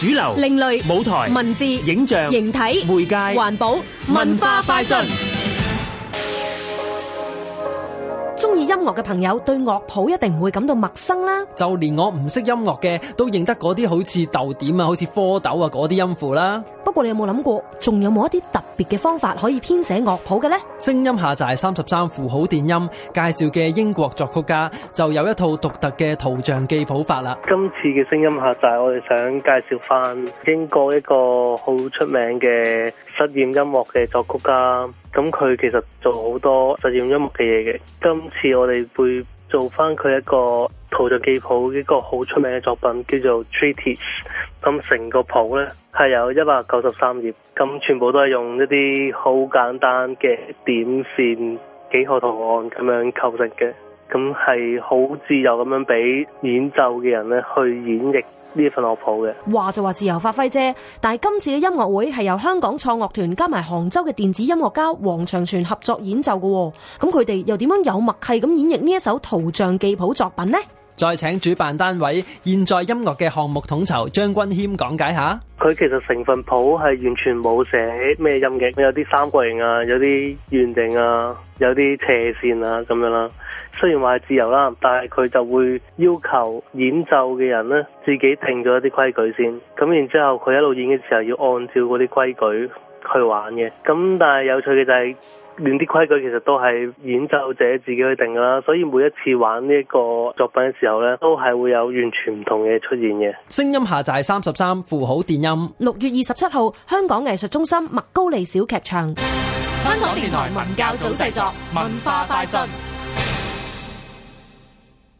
主流、另類舞台、文字、影像、形體、媒介、環保、文化、快訊。音樂嘅朋友對樂譜一定唔會感到陌生啦，就連我唔識音樂嘅都認得嗰啲好似豆點啊、好似蝌蚪啊嗰啲音符啦。不過你有冇諗過，仲有冇一啲特別嘅方法可以編寫樂譜嘅呢？聲音下集三十三符號電音介紹嘅英國作曲家就有一套獨特嘅圖像記譜法啦。今次嘅聲音下集我哋想介紹翻英國一個好出名嘅。實驗音樂嘅作曲家，咁佢其實做好多實驗音樂嘅嘢嘅。今次我哋會做翻佢一個圖像記譜，一個好出名嘅作品叫做 Treatise。咁成個譜呢，係有一百九十三頁，咁全部都係用一啲好簡單嘅點線、幾何圖案咁樣構成嘅。咁係好自由咁樣俾演奏嘅人咧，去演繹呢一份樂譜嘅，話就話自由發揮啫。但係今次嘅音樂會係由香港創樂團加埋杭州嘅電子音樂家黃長全合作演奏嘅，咁佢哋又點樣有默契咁演繹呢一首圖像記譜作品呢？再請主辦單位現在音樂嘅項目統籌張君謙講解下。佢其實成份譜係完全冇寫咩音嘅，有啲三角形啊，有啲圓形啊，有啲斜線啊咁樣啦。雖然話係自由啦，但係佢就會要求演奏嘅人呢，自己定咗一啲規矩先。咁然之後佢一路演嘅時候要按照嗰啲規矩。去玩嘅，咁但係有趣嘅就係，連啲規矩其實都係演奏者自己去定噶啦，所以每一次玩呢個作品嘅時候咧，都係會有完全唔同嘅出現嘅。聲音下載三十三，符號電音。六月二十七號，香港藝術中心麥高利小劇場。香港電台文教組製作，文化快訊。